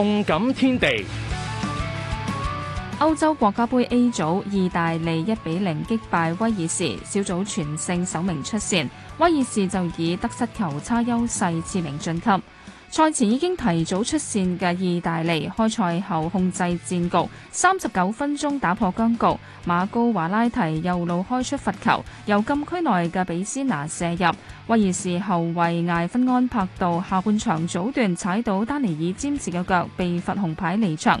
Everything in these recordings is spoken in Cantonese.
動感天地，歐洲國家盃 A 組，意大利一比零擊敗威爾士，小組全勝首名出線。威爾士就以得失球差優勢次名晉級。賽前已經提早出線嘅意大利，開賽後控制戰局，三十九分鐘打破僵局。馬高華拉提右路開出罰球，由禁區內嘅比斯拿射入。威爾士後衛艾芬安柏度下半場早段踩到丹尼爾詹士嘅腳，被罰紅牌離場。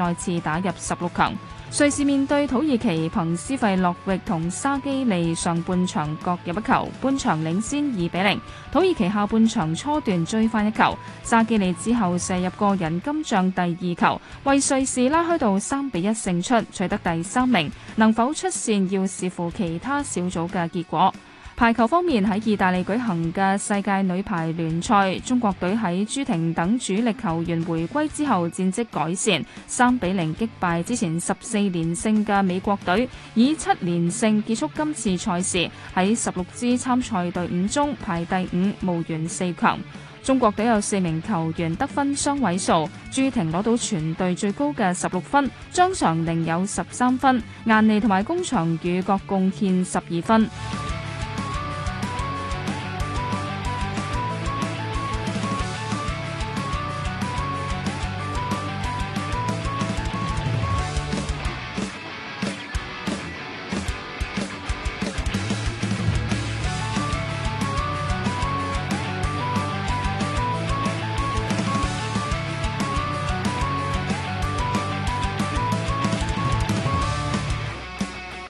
再次打入十六強。瑞士面對土耳其，憑斯費洛域同沙基利上半場各入一球，半場領先二比零。土耳其下半場初段追翻一球，沙基利之後射入個人今場第二球，為瑞士拉開到三比一勝出，取得第三名。能否出線，要視乎其他小組嘅結果。排球方面，喺意大利舉行嘅世界女排聯賽，中國隊喺朱婷等主力球員回歸之後戰績改善，三比零擊敗之前十四連勝嘅美國隊，以七連勝結束今次賽事，喺十六支參賽隊伍中排第五，無緣四強。中國隊有四名球員得分雙位數，朱婷攞到全隊最高嘅十六分，張常寧有十三分，顏妮同埋龔翔宇各貢獻十二分。